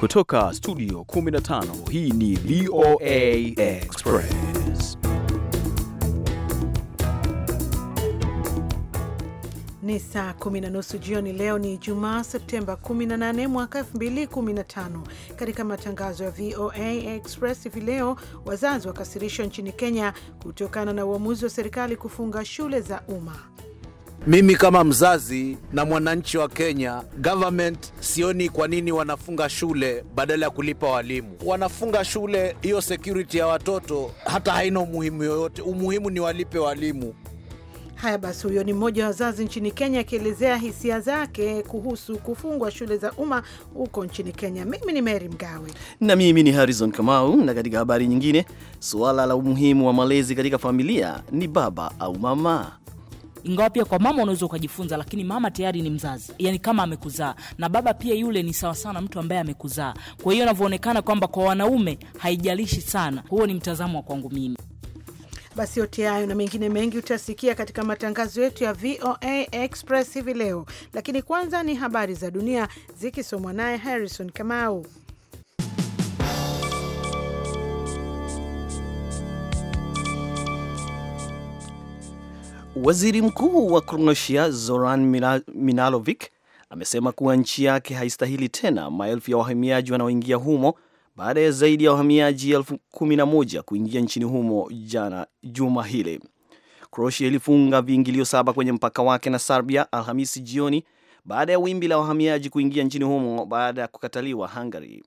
Kutoka studio 15 hii ni VOA Express. Ni saa kumi na nusu jioni. Leo ni Jumaa, Septemba 18 mwaka 2015. Katika matangazo ya VOA Express hivi leo, wazazi wakasirishwa nchini Kenya kutokana na uamuzi wa serikali kufunga shule za umma. Mimi kama mzazi na mwananchi wa Kenya, government sioni kwa nini wanafunga shule badala ya kulipa walimu. Wanafunga shule, hiyo security ya watoto hata haina umuhimu yoyote. Umuhimu ni walipe walimu. Haya basi, huyo ni mmoja wa wazazi nchini Kenya akielezea hisia zake kuhusu kufungwa shule za umma huko nchini Kenya. Mimi ni Mary Mgawe na mimi ni Harrison Kamau. Na katika habari nyingine, suala la umuhimu wa malezi katika familia ni baba au mama ingawa pia kwa mama unaweza ukajifunza, lakini mama tayari ni mzazi, yani kama amekuzaa, na baba pia yule ni sawa sana mtu ambaye amekuzaa. Kwa hiyo inavyoonekana kwamba kwa wanaume haijalishi sana, huo ni mtazamo wa kwangu mimi. Basi yote hayo na mengine mengi utasikia katika matangazo yetu ya VOA Express hivi leo, lakini kwanza ni habari za dunia zikisomwa naye Harrison Kamau. Waziri mkuu wa Kroatia Zoran Minalovic amesema kuwa nchi yake haistahili tena maelfu ya wahamiaji wanaoingia humo baada ya zaidi ya wahamiaji elfu kumi na moja kuingia nchini humo jana juma hili. Kroatia ilifunga viingilio saba kwenye mpaka wake na Serbia Alhamisi jioni baada ya wimbi la wahamiaji kuingia nchini humo baada ya kukataliwa Hungary.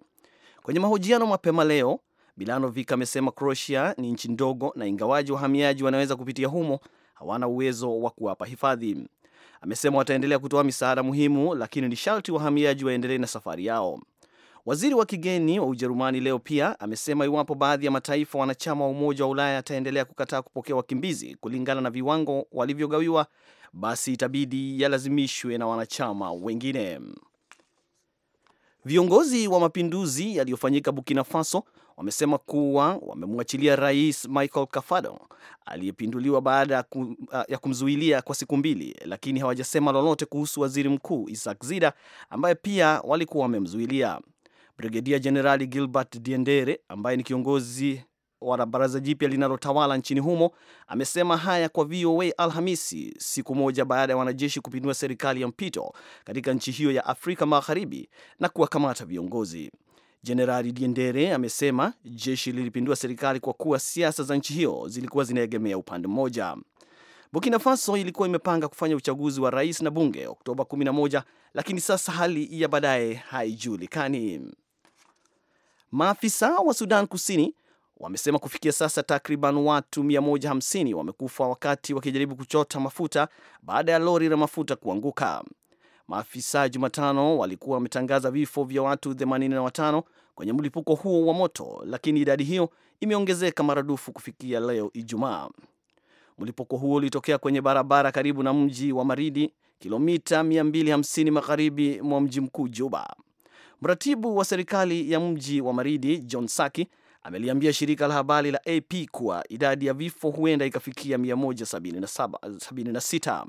Kwenye mahojiano mapema leo, Milanovic amesema Kroatia ni nchi ndogo na ingawaji wahamiaji wanaweza kupitia humo hawana uwezo wa kuwapa hifadhi. Amesema wataendelea kutoa misaada muhimu, lakini ni sharti wahamiaji waendelee na safari yao. Waziri wa kigeni wa Ujerumani leo pia amesema iwapo baadhi ya mataifa wanachama wa Umoja wa Ulaya yataendelea kukataa kupokea wakimbizi kulingana na viwango walivyogawiwa, basi itabidi yalazimishwe na wanachama wengine. Viongozi wa mapinduzi yaliyofanyika Burkina Faso wamesema kuwa wamemwachilia Rais Michael cafado aliyepinduliwa baada ya kumzuilia kwa siku mbili, lakini hawajasema lolote kuhusu Waziri Mkuu Isaac Zida ambaye pia walikuwa wamemzuilia. Brigedia Jenerali Gilbert Diendere ambaye ni kiongozi wa baraza jipya linalotawala nchini humo amesema haya kwa VOA Alhamisi, siku moja baada ya wanajeshi kupindua serikali ya mpito katika nchi hiyo ya Afrika Magharibi na kuwakamata viongozi. Jenerali Diendere amesema jeshi lilipindua serikali kwa kuwa siasa za nchi hiyo zilikuwa zinaegemea upande mmoja. Burkina Faso ilikuwa imepanga kufanya uchaguzi wa rais na bunge Oktoba 11, lakini sasa hali ya baadaye haijulikani. Maafisa wa Sudan Kusini wamesema kufikia sasa takriban watu 150 wamekufa wakati wakijaribu kuchota mafuta baada ya lori la mafuta kuanguka. Maafisa Jumatano walikuwa wametangaza vifo vya watu 85 kwenye mlipuko huo wa moto, lakini idadi hiyo imeongezeka maradufu kufikia leo Ijumaa. Mlipuko huo ulitokea kwenye barabara karibu na mji wa Maridi, kilomita 250 magharibi mwa mji mkuu Juba. Mratibu wa serikali ya mji wa Maridi, John Saki, ameliambia shirika la habari la AP kuwa idadi ya vifo huenda ikafikia 176.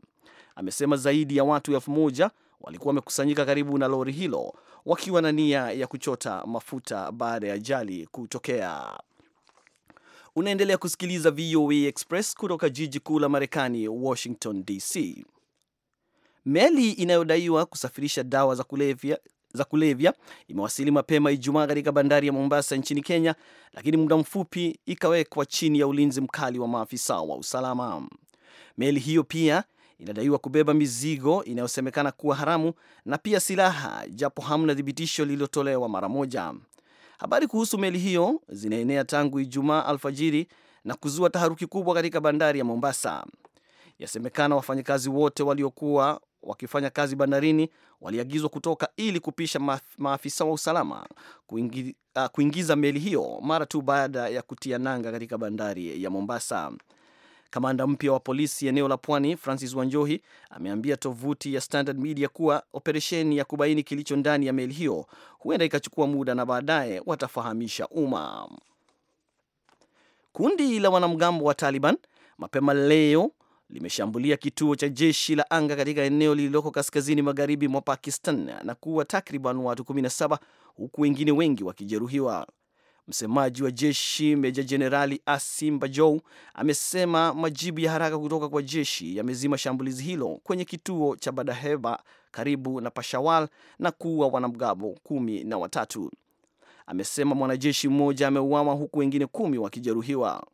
Amesema zaidi ya watu elfu moja walikuwa wamekusanyika karibu na lori hilo wakiwa na nia ya kuchota mafuta baada ya ajali kutokea. Unaendelea kusikiliza VOA Express kutoka jiji kuu la Marekani, Washington DC. Meli inayodaiwa kusafirisha dawa za kulevya za kulevya imewasili mapema Ijumaa katika bandari ya Mombasa nchini Kenya, lakini muda mfupi ikawekwa chini ya ulinzi mkali wa maafisa wa usalama. Meli hiyo pia inadaiwa kubeba mizigo inayosemekana kuwa haramu na pia silaha, japo hamna thibitisho lililotolewa mara moja. Habari kuhusu meli hiyo zinaenea tangu Ijumaa alfajiri na kuzua taharuki kubwa katika bandari ya Mombasa. Yasemekana wafanyakazi wote waliokuwa wakifanya kazi bandarini waliagizwa kutoka ili kupisha maafisa wa usalama ah, kuingiza meli hiyo mara tu baada ya kutia nanga katika bandari ya Mombasa. Kamanda mpya wa polisi eneo la pwani Francis Wanjohi ameambia tovuti ya Standard Media kuwa operesheni ya kubaini kilicho ndani ya meli hiyo huenda ikachukua muda na baadaye watafahamisha umma. Kundi la wanamgambo wa Taliban mapema leo limeshambulia kituo cha jeshi la anga katika eneo lililoko kaskazini magharibi mwa Pakistan na kuua takriban watu 17 huku wengine wengi wakijeruhiwa. Msemaji wa jeshi Meja Jenerali Asim Bajou amesema majibu ya haraka kutoka kwa jeshi yamezima shambulizi hilo kwenye kituo cha Badaheba karibu na Pashawal na kuua wanamgambo kumi na watatu. Amesema mwanajeshi mmoja ameuawa huku wengine kumi wakijeruhiwa.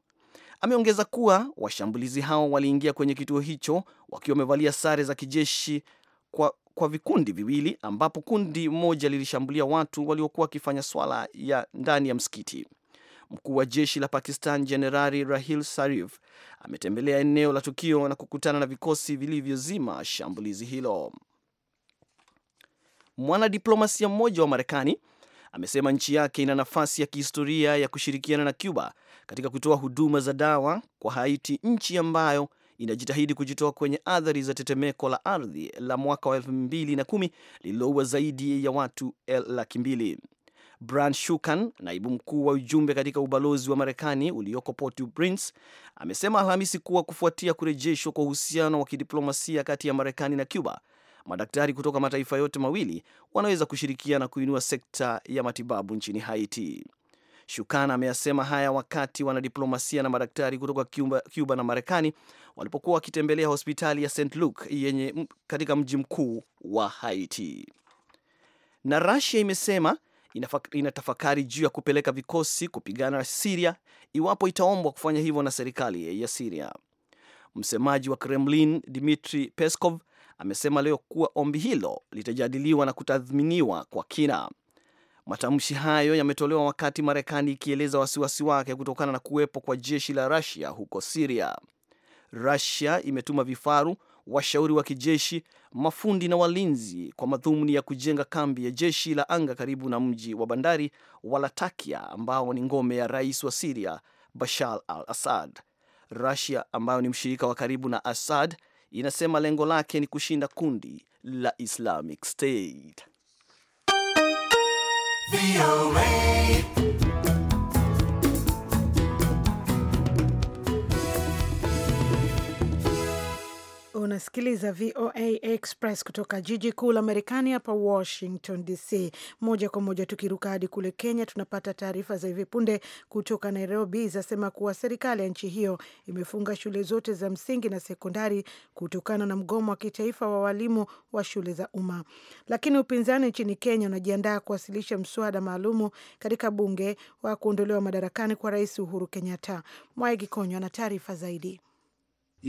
Ameongeza kuwa washambulizi hao waliingia kwenye kituo hicho wakiwa wamevalia sare za kijeshi kwa kwa vikundi viwili ambapo kundi moja lilishambulia watu waliokuwa wakifanya swala ya ndani ya msikiti. Mkuu wa jeshi la Pakistan Jenerali Rahil Sarif ametembelea eneo la tukio na kukutana na vikosi vilivyozima shambulizi hilo. Mwanadiplomasia mmoja wa Marekani amesema nchi yake ina nafasi ya kihistoria ya kushirikiana na Cuba katika kutoa huduma za dawa kwa Haiti, nchi ambayo inajitahidi kujitoa kwenye athari za tetemeko la ardhi la mwaka wa 21 lililoua zaidi ya watu laki mbili. Bran Shukan, naibu mkuu wa ujumbe katika ubalozi wa Marekani ulioko Port-au-Prince, amesema Alhamisi kuwa kufuatia kurejeshwa kwa uhusiano wa kidiplomasia kati ya Marekani na Cuba, madaktari kutoka mataifa yote mawili wanaweza kushirikiana kuinua sekta ya matibabu nchini Haiti. Shukan ameyasema haya wakati wanadiplomasia na madaktari kutoka Cuba na Marekani walipokuwa wakitembelea hospitali ya St Luke yenye katika mji mkuu wa Haiti. Na Russia imesema inatafakari juu ya kupeleka vikosi kupigana na Siria iwapo itaombwa kufanya hivyo na serikali ya Siria. Msemaji wa Kremlin Dmitri Peskov amesema leo kuwa ombi hilo litajadiliwa na kutathminiwa kwa kina. Matamshi hayo yametolewa wakati Marekani ikieleza wasiwasi wake kutokana na kuwepo kwa jeshi la Rusia huko Siria. Rusia imetuma vifaru, washauri wa kijeshi, mafundi na walinzi kwa madhumuni ya kujenga kambi ya jeshi la anga karibu na mji wa bandari wa Latakia ambao ni ngome ya rais wa Siria Bashar al Assad. Rusia ambayo ni mshirika wa karibu na Assad inasema lengo lake ni kushinda kundi la Islamic State. Be VOA. unasikiliza VOA Express kutoka jiji kuu la Marekani hapa Washington DC. Moja kwa moja tukiruka hadi kule Kenya, tunapata taarifa za hivi punde kutoka Nairobi zasema kuwa serikali ya nchi hiyo imefunga shule zote za msingi na sekondari kutokana na mgomo wa kitaifa wa walimu wa shule za umma. Lakini upinzani nchini Kenya unajiandaa kuwasilisha mswada maalumu katika bunge wa kuondolewa madarakani kwa Rais Uhuru Kenyatta. Mwaigi konywa ana taarifa zaidi.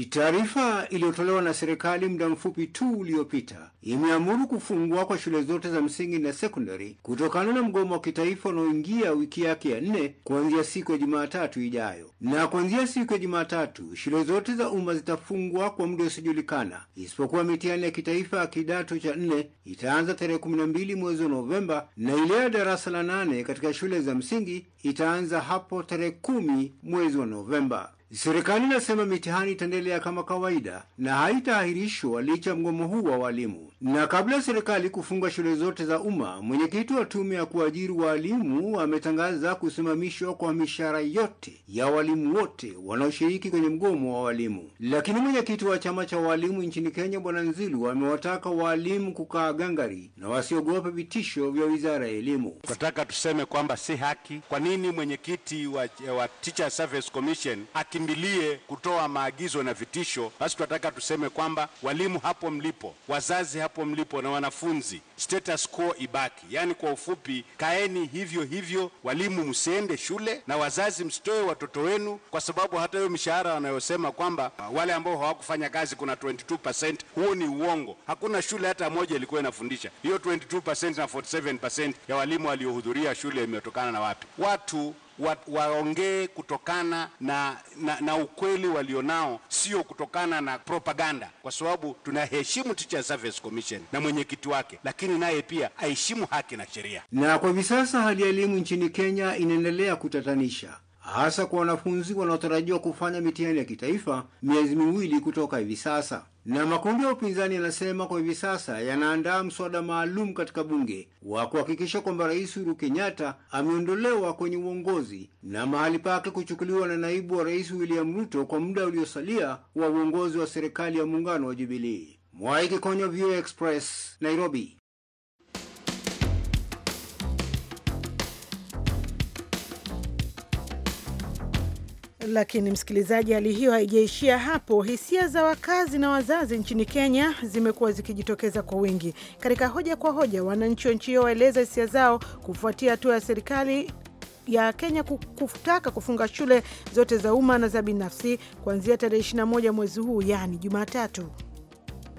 Taarifa iliyotolewa na serikali muda mfupi tu uliopita imeamuru kufungwa kwa shule zote za msingi na sekondari kutokana na mgomo wa kitaifa unaoingia wiki yake ya nne kuanzia siku ya Jumatatu ijayo. Na kuanzia siku ya Jumatatu, shule zote za umma zitafungwa kwa muda usiojulikana, isipokuwa mitihani ya kitaifa ya kidato cha nne itaanza tarehe kumi na mbili mwezi wa Novemba na ile ya darasa la nane katika shule za msingi itaanza hapo tarehe kumi mwezi wa Novemba. Serikali inasema mitihani itaendelea kama kawaida na haitaahirishwa licha mgomo huu wa walimu. Na kabla ya serikali kufunga shule zote za umma, mwenyekiti wa tume ya kuajiri walimu ametangaza kusimamishwa kwa mishahara yote ya walimu wote wanaoshiriki kwenye mgomo wa walimu. Lakini mwenyekiti wa chama cha walimu nchini Kenya, Bwana Nzilu, amewataka walimu kukaa gangari na wasiogope vitisho vya wizara ya elimu. Tunataka tuseme kwamba si haki. Kwa nini mwenyekiti wa, wa Teacher Service Commission aki msikimbilie kutoa maagizo na vitisho, basi tunataka tuseme kwamba walimu hapo mlipo, wazazi hapo mlipo, na wanafunzi, status quo ibaki. Yaani kwa ufupi, kaeni hivyo hivyo, walimu msiende shule na wazazi msitoe watoto wenu, kwa sababu hata hiyo mishahara wanayosema kwamba ah, wale ambao hawakufanya kazi kuna 22%, huo ni uongo. Hakuna shule hata moja ilikuwa inafundisha hiyo 22% na 47% ya walimu waliohudhuria shule imetokana na wapi? Watu wa, waongee kutokana na, na, na ukweli walionao, sio kutokana na propaganda, kwa sababu tunaheshimu Teacher Service Commission na mwenyekiti wake, lakini naye pia aheshimu haki na sheria. Na kwa hivi sasa hali ya elimu nchini Kenya inaendelea kutatanisha hasa kwa wanafunzi wanaotarajiwa kufanya mitihani ya kitaifa miezi miwili kutoka hivi sasa. Na makundi ya upinzani yanasema kwa hivi sasa yanaandaa mswada maalum katika bunge wa kuhakikisha kwamba Rais Uhuru Kenyatta ameondolewa kwenye uongozi na mahali pake kuchukuliwa na naibu wa rais William Ruto kwa muda uliosalia wa uongozi wa serikali ya muungano wa jubilii Mwai Kikonyo, VOA Express, Nairobi. Lakini msikilizaji, hali hiyo haijaishia hapo. Hisia za wakazi na wazazi nchini Kenya zimekuwa zikijitokeza kwa wingi katika hoja kwa hoja. Wananchi wa nchi hiyo waeleza hisia zao kufuatia hatua ya serikali ya Kenya kutaka kufunga shule zote za umma na za binafsi kuanzia tarehe 21 mwezi huu, yaani Jumatatu.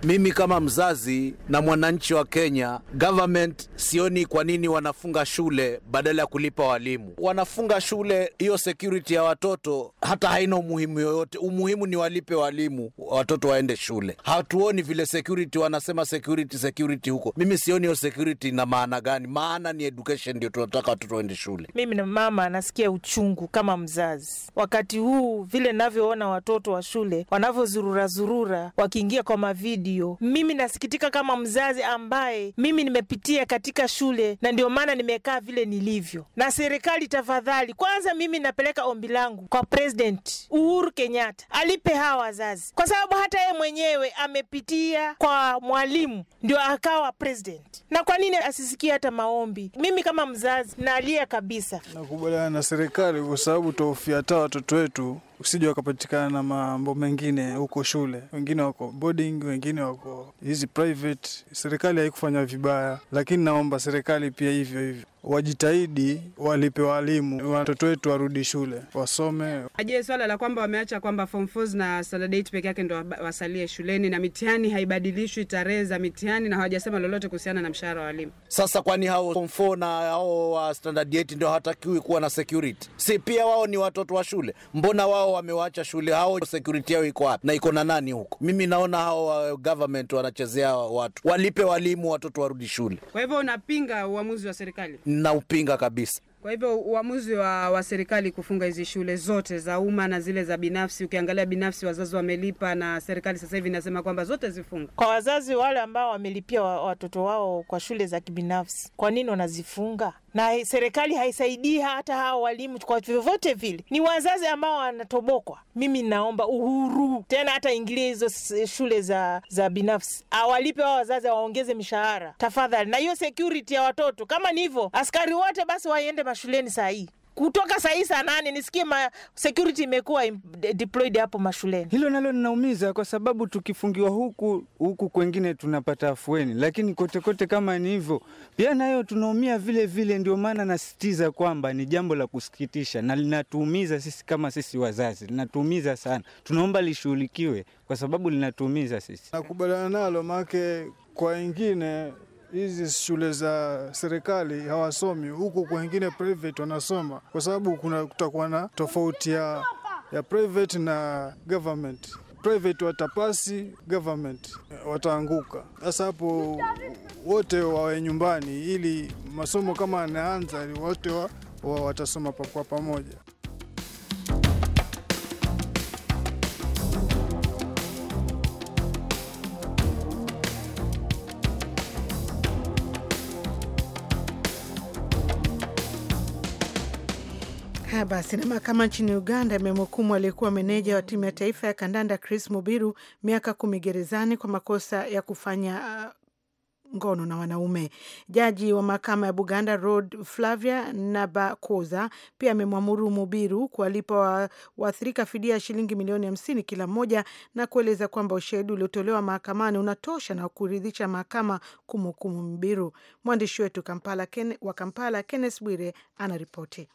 Mimi kama mzazi na mwananchi wa Kenya, government sioni kwa nini wanafunga shule badala ya kulipa walimu. Wanafunga shule, hiyo security ya watoto hata haina umuhimu yoyote. Umuhimu ni walipe walimu, watoto waende shule. Hatuoni vile security, wanasema security, security huko. Mimi sioni hiyo security na maana gani? Maana ni education ndio tunataka watoto waende shule. Mimi na mama nasikia uchungu kama mzazi wakati huu, vile navyoona watoto wa shule wanavyozurura zurura, wakiingia kwa mavidi hiyo. Mimi nasikitika kama mzazi ambaye mimi nimepitia katika shule, na ndio maana nimekaa vile nilivyo. Na serikali, tafadhali, kwanza mimi napeleka ombi langu kwa President Uhuru Kenyatta alipe hawa wazazi, kwa sababu hata yeye mwenyewe amepitia kwa mwalimu ndio akawa president, na kwa nini asisikie hata maombi? Mimi kama mzazi nalia kabisa. Nakubaliana na serikali kwa sababu tuhofia hata watoto wetu usije wakapatikana na mambo mengine huko shule. Wengine wako boarding, wengine wako hizi private. Serikali haikufanya vibaya, lakini naomba serikali pia hivyo hivyo wajitahidi, walipe walimu, watoto wetu warudi shule wasome. Aje, swala la kwamba wameacha kwamba form 4 na standard 8 peke yake ndo wasalie shuleni na mitihani haibadilishwi tarehe za mitihani, na hawajasema lolote kuhusiana na mshahara wa walimu. Sasa kwani hao form 4 na hao wa standard 8 ndio hatakiwi kuwa na security? Si pia wao ni watoto wa shule? Mbona wao wamewacha shule? Hao security yao iko wapi na iko na nani huko? Mimi naona hao government wanachezea watu, walipe walimu, watoto warudi shule. Kwa hivyo unapinga uamuzi wa serikali? naupinga kabisa. Kwa hivyo uamuzi wa, wa serikali kufunga hizi shule zote za umma na zile za binafsi, ukiangalia binafsi wazazi wamelipa, na serikali sasa hivi inasema kwamba zote zifungwe. Kwa wazazi wale ambao wamelipia watoto wao kwa shule za kibinafsi, kwa nini wanazifunga? na serikali haisaidii hata hawa walimu kwa vyovyote vile. Ni wazazi ambao wanatobokwa. Mimi naomba uhuru tena, hata ingilie hizo shule za za binafsi, awalipe wao wazazi, waongeze mishahara tafadhali, na hiyo security ya watoto. Kama ni hivyo, askari wote basi waende mashuleni saa hii kutoka sahii saa nane nisikie ma security imekuwa deployed hapo mashuleni. Hilo nalo linaumiza, kwa sababu tukifungiwa huku huku kwengine tunapata afueni, lakini kote kote kama ni hivyo pia nayo tunaumia vile vile. Ndio maana nasitiza kwamba ni jambo la kusikitisha na linatuumiza sisi kama sisi wazazi, linatuumiza sana. Tunaomba lishughulikiwe kwa sababu linatuumiza sisi. Nakubaliana nalo maake kwa wengine hizi shule za serikali hawasomi, huku kwengine private wanasoma, kwa sababu kuna kutakuwa na tofauti ya, ya private na government. Private watapasi, government wataanguka. Sasa hapo wote wawe nyumbani, ili masomo kama anaanza wote wa, wa watasoma kwa pamoja. basi, na mahakama nchini Uganda imemhukumu aliyekuwa meneja wa timu ya taifa ya kandanda Chris Mubiru miaka kumi gerezani kwa makosa ya kufanya uh, ngono na wanaume. Jaji wa mahakama ya Buganda Rod Flavia Nabakoza pia amemwamuru Mubiru kuwalipa waathirika fidia ya shilingi milioni hamsini kila mmoja na kueleza kwamba ushahidi uliotolewa mahakamani unatosha na kuridhisha mahakama kumhukumu Mubiru. Mwandishi wetu Kampala wa Kampala Kenneth Bwire anaripoti.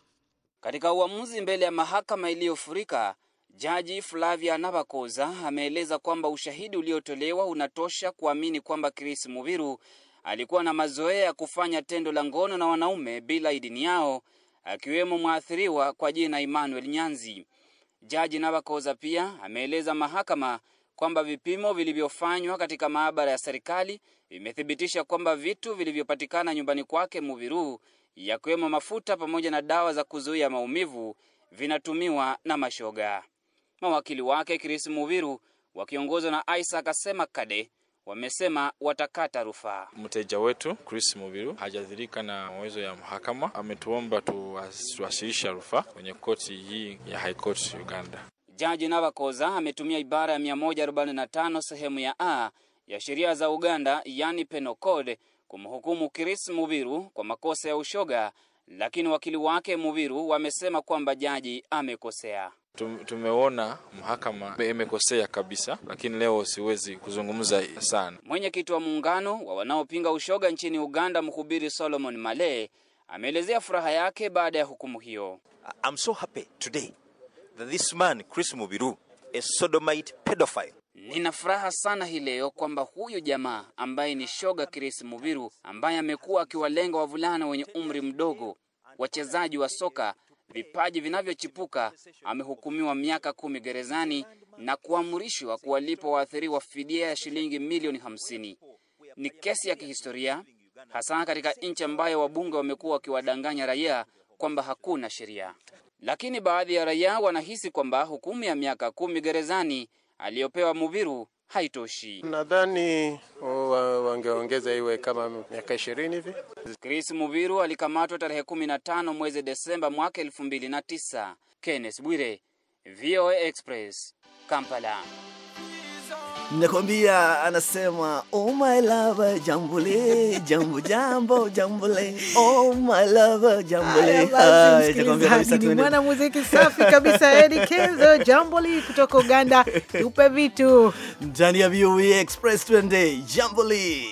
Katika uamuzi mbele ya mahakama iliyofurika, Jaji Flavia Navakoza ameeleza kwamba ushahidi uliotolewa unatosha kuamini kwamba Chris Muviru alikuwa na mazoea ya kufanya tendo la ngono na wanaume bila idini yao, akiwemo mwathiriwa kwa jina Emmanuel Nyanzi. Jaji Navakoza pia ameeleza mahakama kwamba vipimo vilivyofanywa katika maabara ya serikali vimethibitisha kwamba vitu vilivyopatikana nyumbani kwake Muviru yakiwemo mafuta pamoja na dawa za kuzuia maumivu vinatumiwa na mashoga. Mawakili wake Chris Muviru wakiongozwa na Isaac Asema Kade wamesema watakata rufaa. Mteja wetu Chris Mubiru hajadhirika na mawezo ya mahakama, ametuomba tuwasilisha rufaa kwenye koti hii ya High Court Uganda. Jaji Navakoza ametumia ibara ya 145 sehemu ya A ya sheria za Uganda, yani penal code kumhukumu Chris Mubiru kwa makosa ya ushoga, lakini wakili wake Mubiru wamesema kwamba jaji amekosea. Tumeona mahakama imekosea kabisa, lakini leo siwezi kuzungumza sana. Mwenyekiti wa muungano wa wanaopinga ushoga nchini Uganda, mhubiri Solomon Male ameelezea furaha yake baada ya hukumu hiyo. I'm so happy today that this man Chris Mubiru a sodomite pedophile Nina furaha sana hii leo kwamba huyu jamaa ambaye ni shoga Chris Mubiru ambaye amekuwa akiwalenga wavulana wenye umri mdogo, wachezaji wa soka, vipaji vinavyochipuka, amehukumiwa miaka kumi gerezani na kuamrishwa kuwalipa waathiriwa fidia ya shilingi milioni hamsini. Ni kesi ya kihistoria hasa katika nchi ambayo wabunge wamekuwa wakiwadanganya raia kwamba hakuna sheria, lakini baadhi ya raia wanahisi kwamba hukumu ya miaka kumi gerezani aliyopewa Muviru haitoshi. Nadhani wangeongeza iwe kama miaka ishirini hivi. Chris Muviru alikamatwa tarehe kumi na tano mwezi Desemba mwaka elfu mbili na tisa. Kenneth Bwire, VOA Express, Kampala. Nakwambia anasema oh my lover jambule jambo jambo jambule oh my lover jambule. mwana muziki safi kabisa Eddie Kenzo jambule kutoka Uganda, tupe vitu ndani ya VOA e Express, twende jambule.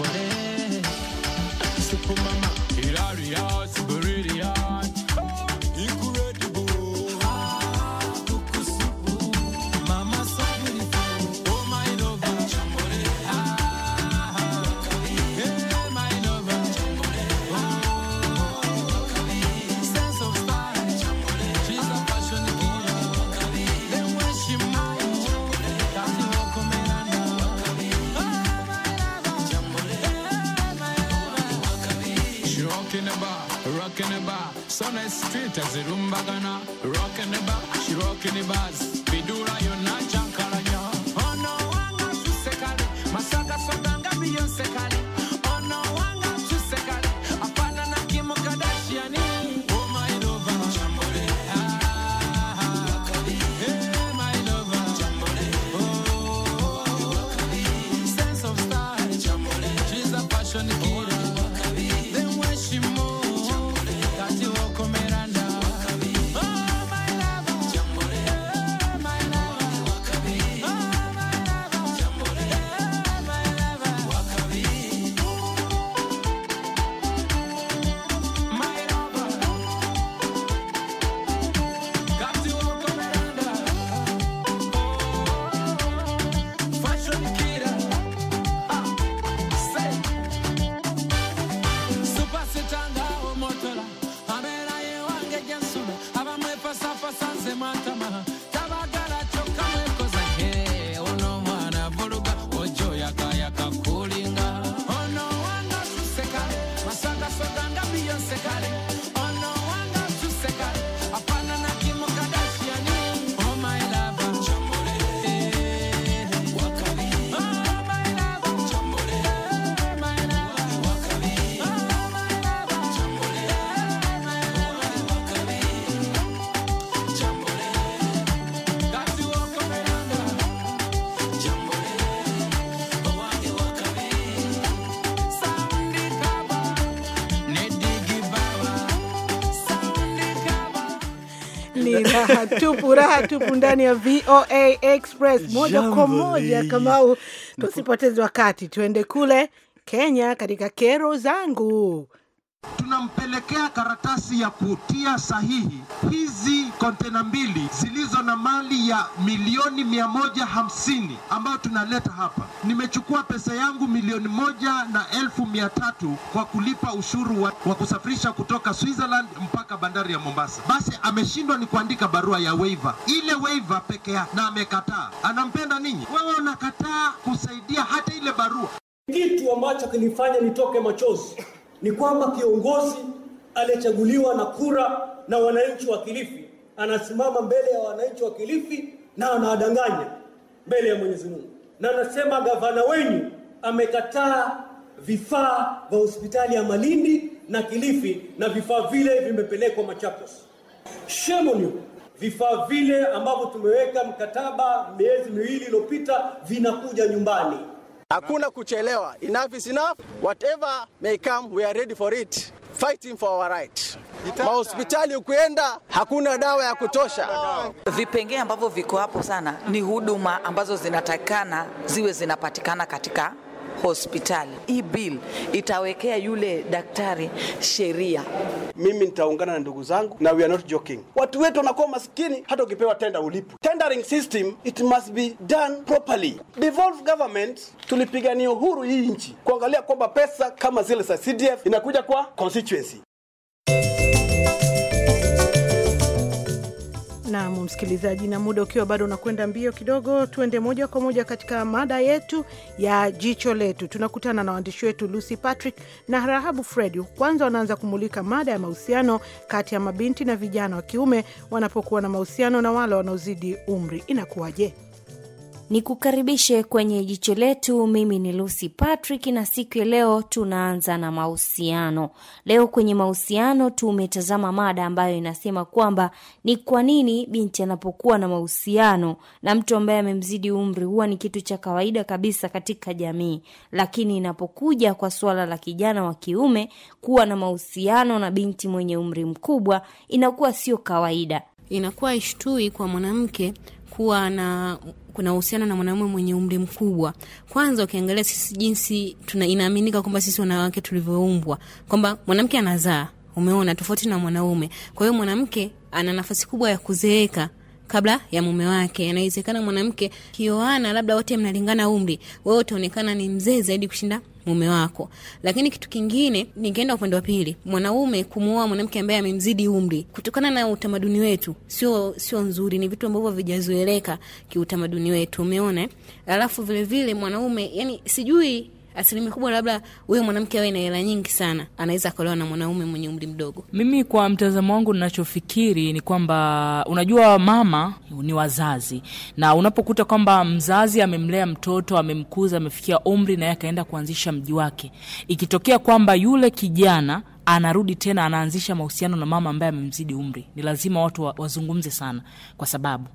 it. She's a to rock in the back, she in the bars. ni raha tupu, raha tupu ndani ya VOA Express moja kwa moja. Kamau, tusipoteze wakati, tuende kule Kenya katika kero zangu tunampelekea karatasi ya kutia sahihi hizi kontena mbili zilizo na mali ya milioni mia moja hamsini ambayo tunaleta hapa. Nimechukua pesa yangu milioni moja na elfu mia tatu kwa kulipa ushuru wa, wa kusafirisha kutoka Switzerland mpaka bandari ya Mombasa. Basi ameshindwa ni kuandika barua ya waiver, ile waiver peke yake, na amekataa. Anampenda ninyi, wewe unakataa kusaidia hata ile barua. Kitu ambacho kilifanya nitoke machozi ni kwamba kiongozi aliyechaguliwa na kura na wananchi wa Kilifi anasimama mbele ya wananchi wa Kilifi na anawadanganya mbele ya Mwenyezi Mungu, na anasema gavana wenyu amekataa vifaa vya hospitali ya Malindi na Kilifi na vifaa vile vimepelekwa Machakos. Shemoni, vifaa vile ambavyo tumeweka mkataba miezi miwili iliyopita vinakuja nyumbani. Hakuna kuchelewa. Enough is enough. Whatever may come, we are ready for it. Fighting for our right. Mahospitali ukienda hakuna dawa ya kutosha. Vipengee ambavyo viko hapo sana ni huduma ambazo zinatakikana ziwe zinapatikana katika hospitali. Hii bill itawekea yule daktari sheria. Mimi nitaungana na ndugu zangu, na we are not joking. Watu wetu wanakuwa maskini, hata ukipewa tenda ulipo. Tendering system it must be done properly. Devolve government tulipigania uhuru hii nchi, kuangalia kwamba pesa kama zile za CDF inakuja kwa constituency. Nam msikilizaji, na muda ukiwa bado unakwenda mbio kidogo, tuende moja kwa moja katika mada yetu ya jicho letu. Tunakutana na waandishi wetu Lucy Patrick na Rahabu Fred. Kwanza wanaanza kumulika mada ya mahusiano kati ya mabinti na vijana wa kiume wanapokuwa na mahusiano na wale wanaozidi umri, inakuwaje? ni kukaribishe kwenye jicho letu. Mimi ni Lucy Patrick na siku ya leo tunaanza na mahusiano. Leo kwenye mahusiano tumetazama mada ambayo inasema kwamba ni kwa nini binti anapokuwa na mahusiano na mtu ambaye amemzidi umri huwa ni kitu cha kawaida kabisa katika jamii, lakini inapokuja kwa suala la kijana wa kiume kuwa na mahusiano na binti mwenye umri mkubwa inakuwa sio kawaida, inakuwa ishtui kwa mwanamke kuwa na kuna uhusiano na mwanaume mwenye umri mkubwa. Kwanza ukiangalia sisi jinsi tuna inaaminika kwamba sisi wanawake tulivyoumbwa kwamba mwanamke anazaa, umeona, tofauti na mwanaume. Kwa hiyo mwanamke ana nafasi kubwa ya kuzeeka kabla ya mume wake. Anawezekana mwanamke kioana, labda wote mnalingana umri, wewe utaonekana ni mzee zaidi kushinda mume wako. Lakini kitu kingine, ningeenda upande wa pili, mwanaume kumuoa mwanamke ambaye amemzidi umri, kutokana na utamaduni wetu sio sio nzuri, ni vitu ambavyo vijazoeleka kiutamaduni wetu, umeona. Alafu vilevile mwanaume yani sijui asilimia kubwa, labda huyo mwanamke awe na hela nyingi sana, anaweza akaolewa na mwanaume mwenye umri mdogo. Mimi kwa mtazamo wangu, ninachofikiri ni kwamba unajua, mama ni wazazi, na unapokuta kwamba mzazi amemlea mtoto, amemkuza, amefikia umri naye akaenda kuanzisha mji wake, ikitokea kwamba yule kijana anarudi tena anaanzisha mahusiano na mama ambaye amemzidi umri, ni lazima watu wa, wazungumze sana, kwa sababu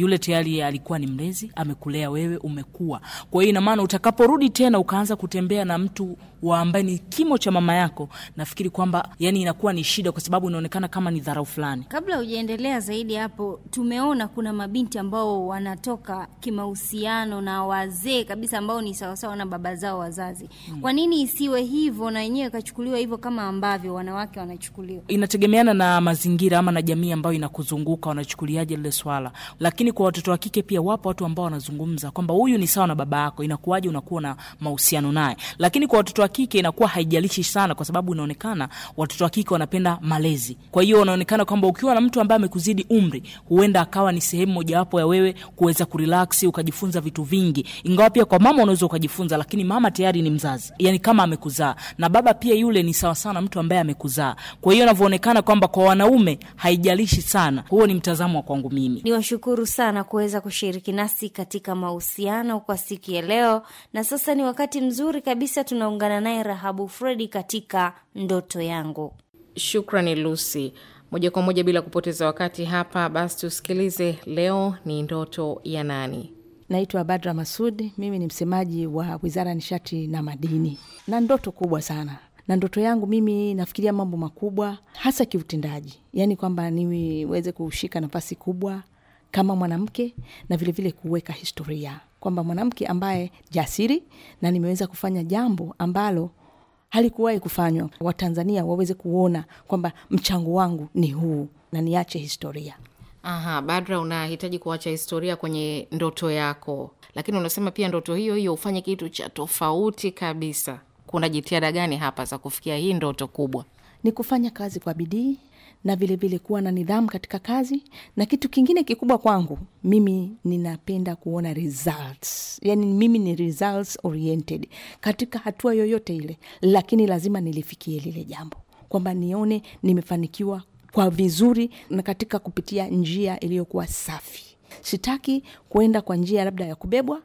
yule tayari alikuwa ni mlezi, amekulea wewe, umekua. Kwa hiyo ina maana utakaporudi tena ukaanza kutembea na mtu wa ambaye ni kimo cha mama yako, nafikiri kwamba yani inakuwa ni shida, kwa sababu inaonekana kama ni dharau fulani. Kabla hujaendelea zaidi hapo, tumeona kuna mabinti ambao wanatoka kimahusiano na wazee kabisa ambao ni sawasawa na baba zao wazazi. Hmm. Kwa nini isiwe hivyo na wenyewe ikachukuliwa hivyo kama ambavyo wanawake wanachukuliwa? Inategemeana na mazingira ama na jamii ambayo inakuzunguka, wanachukuliaje lile swala, lakini lakini kwa watoto wa kike pia wapo watu ambao wanazungumza kwamba huyu ni sawa na baba yako, inakuwaje unakuwa na mahusiano naye? Lakini kwa watoto wa kike inakuwa haijalishi sana, kwa sababu inaonekana watoto wa kike wanapenda malezi. Kwa hiyo wanaonekana kwamba ukiwa na mtu ambaye amekuzidi umri, huenda akawa ni sehemu mojawapo ya wewe kuweza kurilaksi ukajifunza vitu vingi, ingawa pia kwa mama unaweza ukajifunza, lakini mama tayari ni mzazi, yani kama amekuzaa, na baba pia yule ni sawa sana mtu ambaye amekuzaa. Kwa hiyo inavyoonekana kwamba kwa wanaume haijalishi sana. Huo ni mtazamo wa kwangu mimi. ni washukuru sana kuweza kushiriki nasi katika mahusiano kwa siku ya leo, na sasa ni wakati mzuri kabisa tunaungana naye Rahabu Fredi katika ndoto yangu. Shukrani lusi Moja kwa moja bila kupoteza wakati hapa, basi tusikilize leo ni ndoto ya nani. Naitwa Badra Masudi, mimi ni msemaji wa Wizara ya Nishati na Madini, na ndoto kubwa sana na ndoto yangu mimi nafikiria mambo makubwa hasa kiutendaji, yaani kwamba niweze kushika nafasi kubwa kama mwanamke na vilevile kuweka historia kwamba mwanamke ambaye jasiri na nimeweza kufanya jambo ambalo halikuwahi kufanywa, Watanzania waweze kuona kwamba mchango wangu ni huu na niache historia. Aha, Badra, unahitaji kuacha historia kwenye ndoto yako, lakini unasema pia ndoto hiyo hiyo ufanye kitu cha tofauti kabisa. Kuna jitihada gani hapa za kufikia hii ndoto kubwa? Ni kufanya kazi kwa bidii na vilevile vile kuwa na nidhamu katika kazi, na kitu kingine kikubwa kwangu mimi ninapenda kuona results. Yani mimi ni results oriented katika hatua yoyote ile, lakini lazima nilifikie lile jambo kwamba nione nimefanikiwa kwa vizuri na katika kupitia njia iliyokuwa safi. Sitaki kuenda kwa njia labda ya kubebwa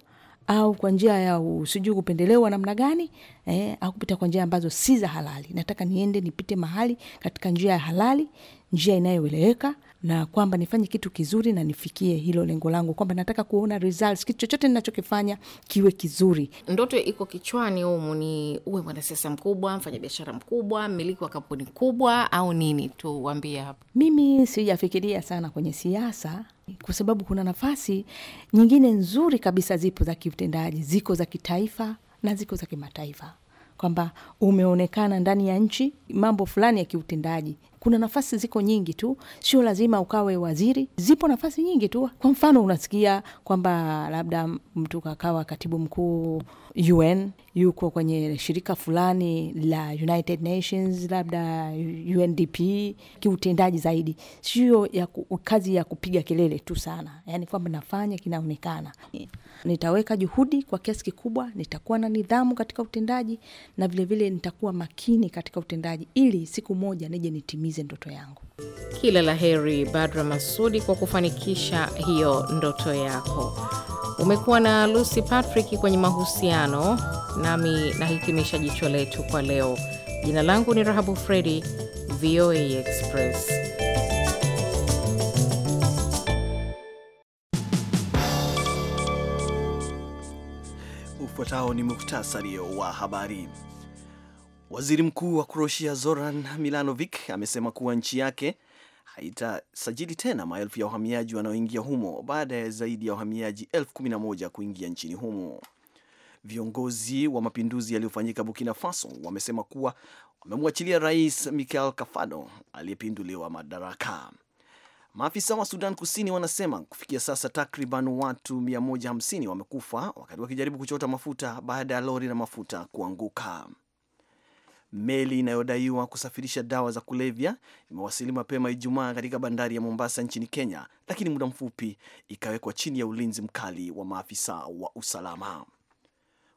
au kwa njia ya sijui kupendelewa namna gani eh, au kupita kwa njia ambazo si za halali. Nataka niende nipite mahali katika njia ya halali, njia inayoeleweka, na kwamba nifanye kitu kizuri na nifikie hilo lengo langu, kwamba nataka kuona results, kitu chochote ninachokifanya kiwe kizuri. Ndoto iko kichwani humu, ni uwe mwanasiasa mkubwa, biashara mkubwa, mmiliki wa kampuni kubwa au nini? tuwambie hapa. Mimi sijafikiria sana kwenye siasa kwa sababu kuna nafasi nyingine nzuri kabisa zipo za kiutendaji, ziko za kitaifa na ziko za kimataifa kwamba umeonekana ndani ya nchi mambo fulani ya kiutendaji. Kuna nafasi ziko nyingi tu, sio lazima ukawe waziri. Zipo nafasi nyingi tu. Kwa mfano, unasikia kwamba labda mtu kakawa katibu mkuu UN, yuko kwenye shirika fulani la United Nations, labda UNDP, kiutendaji zaidi, sio ya kazi ya kupiga kelele tu sana, yani kwamba nafanya kinaonekana nitaweka juhudi kwa kiasi kikubwa, nitakuwa na nidhamu katika utendaji na vilevile vile nitakuwa makini katika utendaji ili siku moja nije nitimize ndoto yangu. Kila la heri Badra Masudi kwa kufanikisha hiyo ndoto yako. Umekuwa na Lucy Patrick kwenye mahusiano nami, nahitimisha jicho letu kwa leo. Jina langu ni Rahabu Fredi, VOA Express. Ufuatao ni muhtasari wa habari. Waziri mkuu wa Kroatia Zoran Milanovic amesema kuwa nchi yake haitasajili tena maelfu ya wahamiaji wanaoingia humo baada ya zaidi ya wahamiaji elfu kumi na moja kuingia nchini humo. Viongozi wa mapinduzi yaliyofanyika Burkina Faso wamesema kuwa wamemwachilia rais Michel Kafando aliyepinduliwa madaraka. Maafisa wa Sudan Kusini wanasema kufikia sasa takriban watu 150 wamekufa wakati wakijaribu kuchota mafuta baada ya lori la mafuta kuanguka. Meli inayodaiwa kusafirisha dawa za kulevya imewasili mapema Ijumaa katika bandari ya Mombasa nchini Kenya, lakini muda mfupi ikawekwa chini ya ulinzi mkali wa maafisa wa usalama.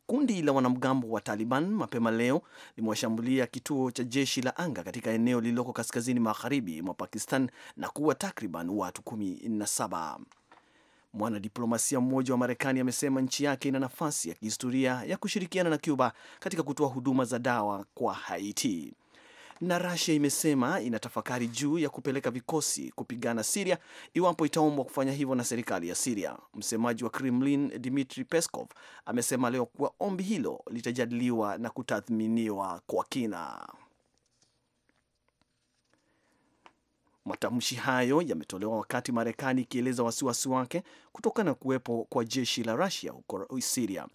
Kundi la wanamgambo wa Taliban mapema leo limewashambulia kituo cha jeshi la anga katika eneo lililoko kaskazini magharibi mwa Pakistan na kuua takriban watu 17. Mwanadiplomasia mmoja wa Marekani amesema nchi yake ina nafasi ya kihistoria ya kushirikiana na Cuba katika kutoa huduma za dawa kwa Haiti na Russia imesema inatafakari juu ya kupeleka vikosi kupigana Siria iwapo itaombwa kufanya hivyo na serikali ya Siria. Msemaji wa Kremlin Dmitri Peskov amesema leo kuwa ombi hilo litajadiliwa na kutathminiwa kwa kina. Matamshi hayo yametolewa wakati Marekani ikieleza wasiwasi wake kutokana na kuwepo kwa jeshi la rasia huko Siria.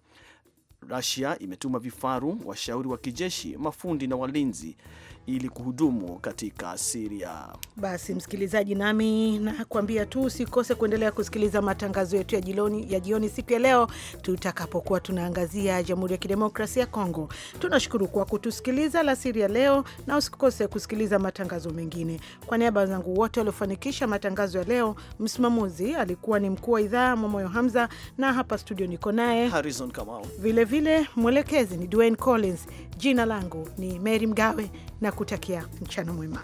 rasia imetuma vifaru, washauri wa kijeshi, mafundi na walinzi ili kuhudumu katika Siria. Basi msikilizaji, nami nakuambia tu usikose kuendelea kusikiliza matangazo yetu ya jioni, ya jioni siku ya leo tutakapokuwa tunaangazia Jamhuri ya Kidemokrasia ya Kongo. Tunashukuru kwa kutusikiliza alasiri ya leo, na usikose kusikiliza matangazo mengine. Kwa niaba zangu wote waliofanikisha matangazo ya leo, msimamuzi alikuwa ni mkuu wa idhaa Mwamoyo Hamza, na hapa studio niko naye Harrison Kamau, vilevile mwelekezi ni Dwayne Collins. Jina langu ni Mary Mgawe na na kutakia mchana mwema.